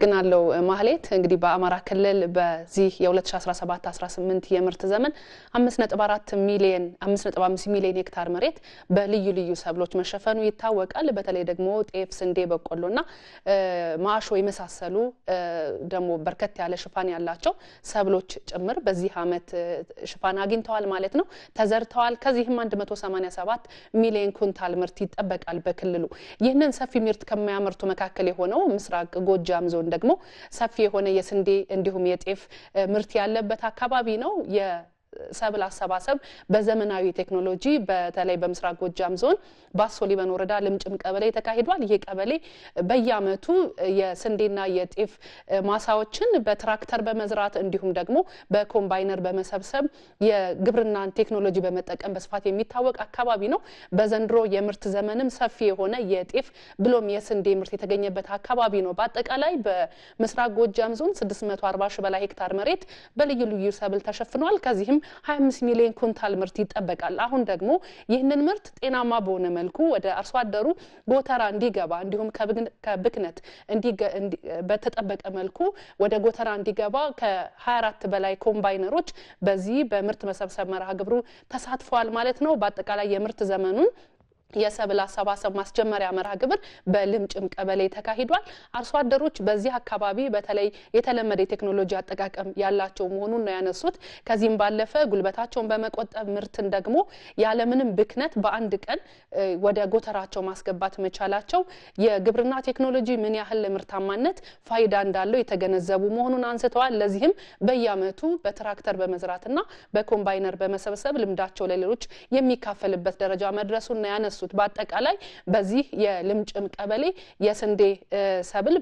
ግናለው ማህሌት እንግዲህ በአማራ ክልል በዚህ የ2017-18 የምርት ዘመን 5.4 ሚሊዮን 5.5 ሚሊዮን ሄክታር መሬት በልዩ ልዩ ሰብሎች መሸፈኑ ይታወቃል። በተለይ ደግሞ ጤፍ፣ ስንዴ፣ በቆሎና ማሾ የመሳሰሉ ደግሞ በርከት ያለ ሽፋን ያላቸው ሰብሎች ጭምር በዚህ አመት ሽፋን አግኝተዋል ማለት ነው፣ ተዘርተዋል። ከዚህም 187 ሚሊዮን ኩንታል ምርት ይጠበቃል በክልሉ። ይህንን ሰፊ ምርት ከሚያመርቱ መካከል የሆነው ምስራቅ ጎጃም ዞን ደግሞ ሰፊ የሆነ የስንዴ እንዲሁም የጤፍ ምርት ያለበት አካባቢ ነው። ሰብል አሰባሰብ በዘመናዊ ቴክኖሎጂ በተለይ በምስራቅ ጎጃም ዞን ባሶ ሊበን ወረዳ ልምጭም ቀበሌ ተካሂዷል። ይህ ቀበሌ በየዓመቱ የስንዴና የጤፍ ማሳዎችን በትራክተር በመዝራት እንዲሁም ደግሞ በኮምባይነር በመሰብሰብ የግብርናን ቴክኖሎጂ በመጠቀም በስፋት የሚታወቅ አካባቢ ነው። በዘንድሮ የምርት ዘመንም ሰፊ የሆነ የጤፍ ብሎም የስንዴ ምርት የተገኘበት አካባቢ ነው። በአጠቃላይ በምስራቅ ጎጃም ዞን 640 ሺ በላይ ሄክታር መሬት በልዩ ልዩ ሰብል ተሸፍኗል። ከዚህም ወይም 25 ሚሊዮን ኩንታል ምርት ይጠበቃል። አሁን ደግሞ ይህንን ምርት ጤናማ በሆነ መልኩ ወደ አርሶ አደሩ ጎተራ እንዲገባ እንዲሁም ከብክነት በተጠበቀ መልኩ ወደ ጎተራ እንዲገባ ከ24 በላይ ኮምባይነሮች በዚህ በምርት መሰብሰብ መርሃ ግብሩ ተሳትፈዋል ማለት ነው። በአጠቃላይ የምርት ዘመኑን የሰብል አሰባሰብ ማስጀመሪያ መርሃ ግብር በልምጭም ቀበሌ ተካሂዷል። አርሶ አደሮች በዚህ አካባቢ በተለይ የተለመደ የቴክኖሎጂ አጠቃቀም ያላቸው መሆኑን ነው ያነሱት። ከዚህም ባለፈ ጉልበታቸውን በመቆጠብ ምርትን ደግሞ ያለምንም ብክነት በአንድ ቀን ወደ ጎተራቸው ማስገባት መቻላቸው የግብርና ቴክኖሎጂ ምን ያህል ምርታማነት ፋይዳ እንዳለው የተገነዘቡ መሆኑን አንስተዋል። ለዚህም በየአመቱ በትራክተር በመዝራትና በኮምባይነር በመሰብሰብ ልምዳቸው ለሌሎች የሚካፈልበት ደረጃ መድረሱን ነው ያነሱ ያነሱት። በአጠቃላይ በዚህ የልምጭም ቀበሌ የስንዴ ሰብል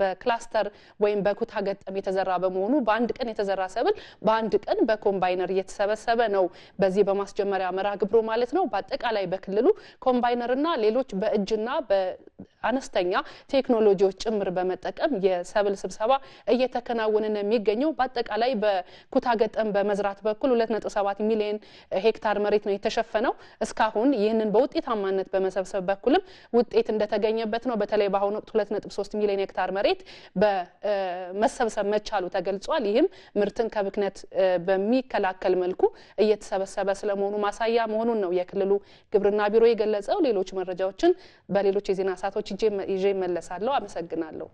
በክላስተር ወይም በኩታ ገጠም የተዘራ በመሆኑ በአንድ ቀን የተዘራ ሰብል በአንድ ቀን በኮምባይነር እየተሰበሰበ ነው። በዚህ በማስጀመሪያ መርሃ ግብሩ ማለት ነው። በአጠቃላይ በክልሉ ኮምባይነርና ሌሎች በእጅና አነስተኛ ቴክኖሎጂዎች ጭምር በመጠቀም የሰብል ስብሰባ እየተከናወነ ነው የሚገኘው። በአጠቃላይ በኩታ ገጠም በመዝራት በኩል 2.7 ሚሊዮን ሄክታር መሬት ነው የተሸፈነው። እስካሁን ይህንን በውጤታማነት በመሰብሰብ በኩልም ውጤት እንደተገኘበት ነው። በተለይ በአሁኑ ወቅት 2.3 ሚሊዮን ሄክታር መሬት በመሰብሰብ መቻሉ ተገልጿል። ይህም ምርትን ከብክነት በሚከላከል መልኩ እየተሰበሰበ ስለመሆኑ ማሳያ መሆኑን ነው የክልሉ ግብርና ቢሮ የገለጸው። ሌሎች መረጃዎችን በሌሎች የዜና ሰዓቶች ይዤ እመለሳለሁ። አመሰግናለሁ።